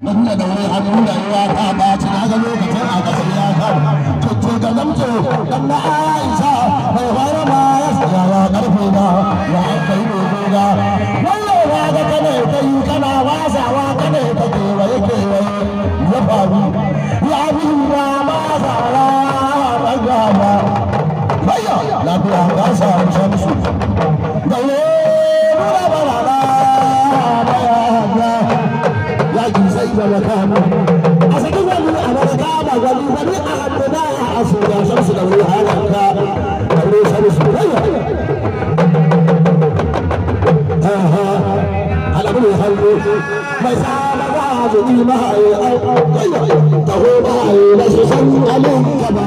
Inda da wuri an nuna ya ta ɓaci na ga lokacin a ƙasa ya kan cuce da zamto ɗan na Aisha mai fara ma ya tsaya ya ƙarfe na ya aka yi dogo Wallo ba ga kana ta yi kana wasawa kana ta kewaye kewaye ya faru. Ya bi ma ma tsara ɓangama. Bayya lafiya ga sa shamsu. Dawo mai tsada ba a yi mahaye ai ai taho mahaye ba su san alin gaba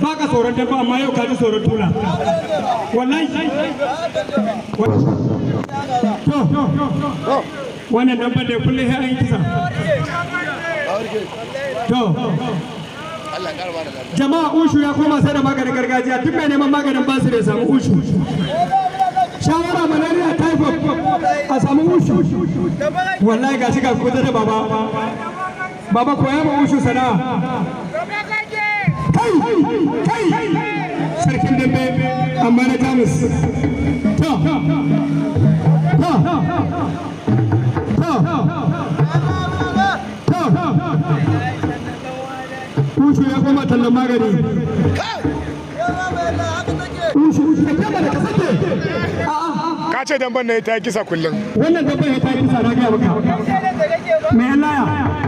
baka ka tsoron dabba amma yau ka ji tsoron tula wallahi to wannan dabba da kullum ya yi kisa to jama'a ushu ya koma sai da maganin gargajiya duk mai neman maganin basu da samu ushu shawara malaria typhoid a samu ushu wallahi ga shi ga kuta da baba baba koya ma ushu sana'a sarkin dambe amma na ka kama da ka na ya ta kisa kullum. Wannan damban ya ta kisa na gaya maka. Me ya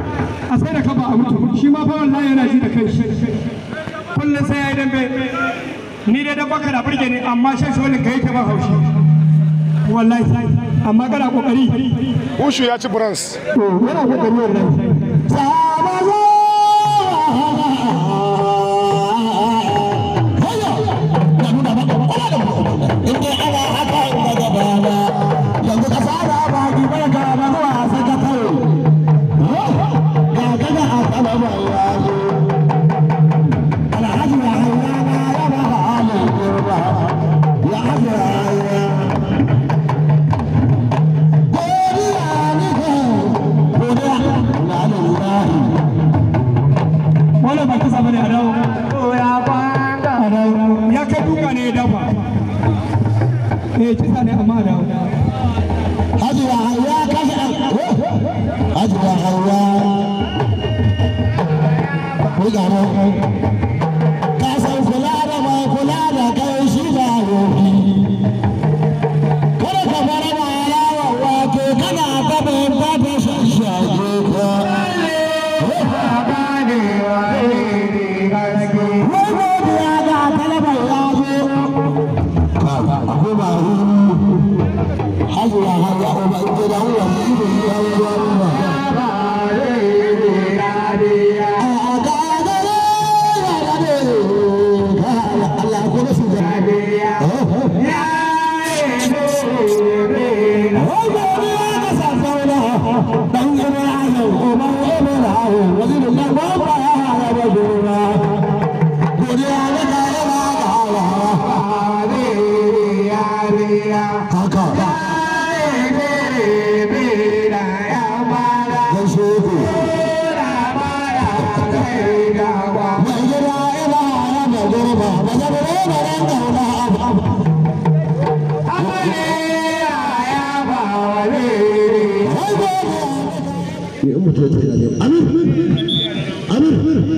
A da kaba a mutu. Shi ma fa wallahi yana ji da kai. kullum sai ya dambe ni dai dan baka da burge ne amma shan sholin kai ta ba haushi wallahi amma kokari ushu ya ci bronze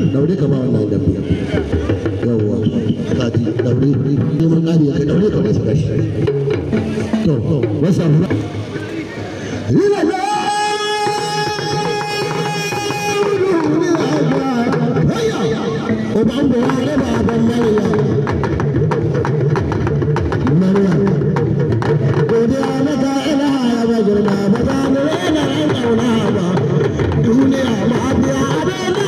daure ka ba idan da ya ba girma ba za mu rena ran ba duniya ma'abiya abin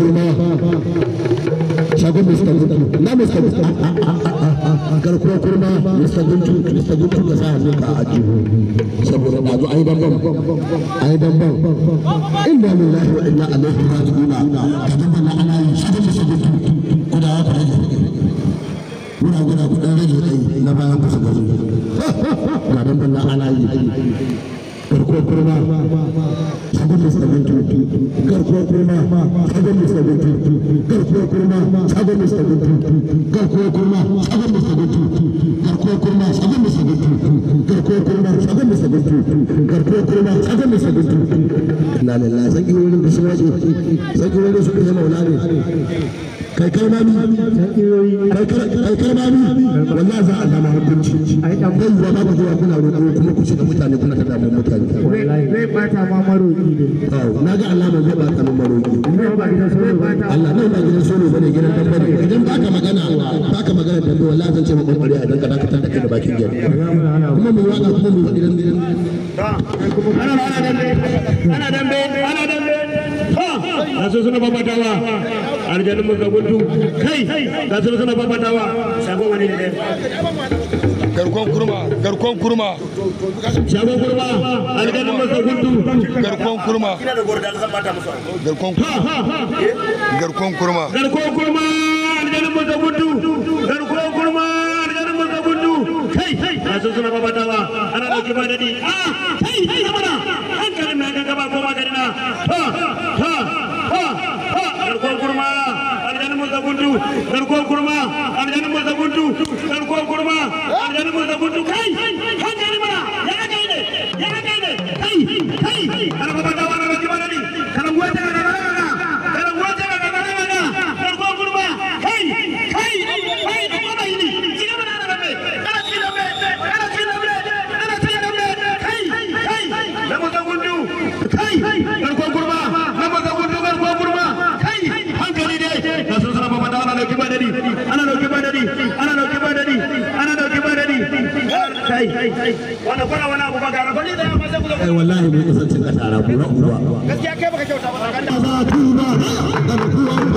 da Shago Mr. Guntu na Mr. garkuwa kurma Mr. Guntu Mr. Guntu ka sa hannu ka a jihu saboda ba zo ai damban ai damban inna lillahi wa inna ilaihi raji'un ka damban na ana yi shagon Mr. Guntu kuda ya fara muna gura kudin rage tsayi na bayan kusa gari ga damban ana yi garkuwar kurma shagon mai sabon tutu garkuwar kurma shagon mai sabon tutu garkuwar kurma shagon mai sabon tutu garkuwar kurma shagon mai sabon tutu garkuwar kurma shagon mai sabon tutu garkuwar kurma shagon mai sabon tutu garkuwar kurma shagon mai sabon tutu da da kai mami kai wallahi za a zama hukunci kai ruwa babu zuwa kuna roƙo kuma ku shiga mutane kuna ta damun mutane zai bata ma maroƙi ne na ga alamar zai bata ma maroƙi Allah nan ba gidan solo bane gidan tambari idan baka magana baka magana dambe wallahi zan ce ma kokari a danka zaka tanda kai da bakin gida kuma mu waka kuma mu gidan gidan ana dambe ana dambe ana dambe ha yanzu suna babatawa aljanin mu gabutu kai ga su suna babatawa shagon wani ne garkon kurma garkon kurma shagon kurma aljanin mu gabutu garkon kurma garkon kurma garkon kurma garkon kurma aljanin mu gabutu garkon kurma aljanin mu gabutu kai ga su suna babatawa ana dauki ba dadi ah, kai kai zamana an karin na gaba ko magarina ha ha ha garkuwar kurma aljanin musa guntu garkuwar kurma aljanin musa guntu garkuwar kurma aljanin musa guntu kai ana dauke ba dadi ana dauke ku wallahi mun kusancin ka tara ba gaskiya kai baka kyauta ba ba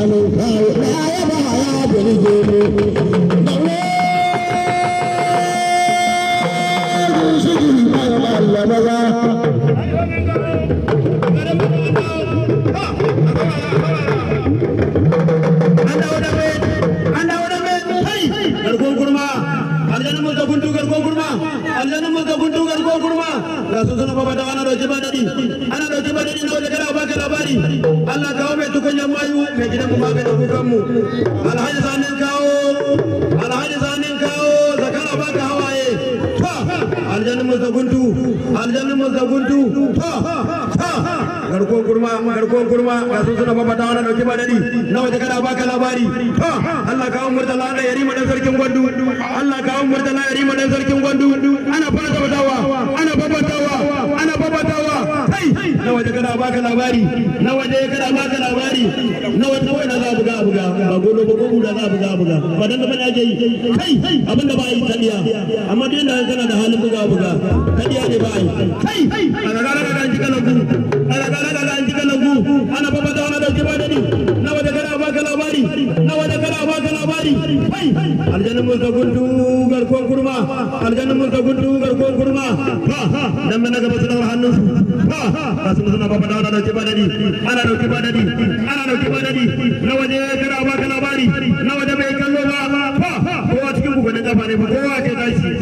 hannun kawo da ana dauki ba dadi ana dauki ba mai gidan mu maganin mu alhaji zanin kawo alhaji zanin kawo zakara baka hawaye ta aljannin mu zaguntu aljannin mu zaguntu ta ta garkuwar kurma garkuwar kurma ga sun suna babata wani dauki ba Nawa na wata kada baka labari Allah kawo murtala da yarima dan sarkin gwandu Allah kawo murtala yarima dan sarkin gwandu baka labari na waje ya kada baka labari na waje kawai na za buga buga ba golo ba golo da za buga buga ba dan da ba yake yi kai abin da ba yi tadiya amma dai da kana da halin buga buga tadiya ne ba yi kai ana gara gara ji kalangu ana gara gara ji kalangu ana baba da wani dauke ba da ni labari na wani kana baka labari aljannin musa gundu garkon kurma aljannin musa gundu garkon kurma dan na gaba suna hannun su ga su suna baba dawa dauki ba dadi ana dauki ba dadi ana dauki ba dadi na waje kana baka labari na waje bai kallo ba Ko a cikin bugunin kafa ne kowa ke tashi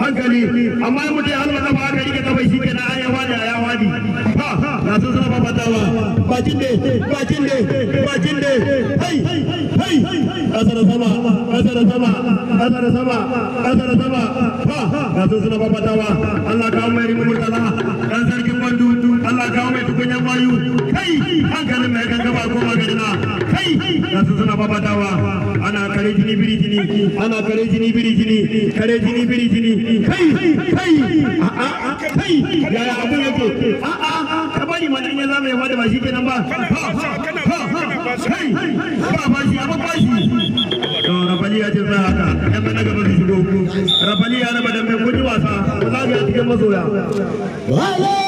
hankali amma mutum ya halma kafa aka rike kafa shi kenan an yawa ne a yawa ne ga su suna baba dawa bakin ne bakin ne bakin ne ƙasar sama ƙasar sama ƙasar sama ƙasar sama Allah Allah mayu ana kare jini biri jini kare jini biri jini kare jini biri jini yaya abun yake a'a ka ya zama ya fada ba shi ha ha ha rabali ya ce za gaba da shigo raba mai wasa za ga cikin masoya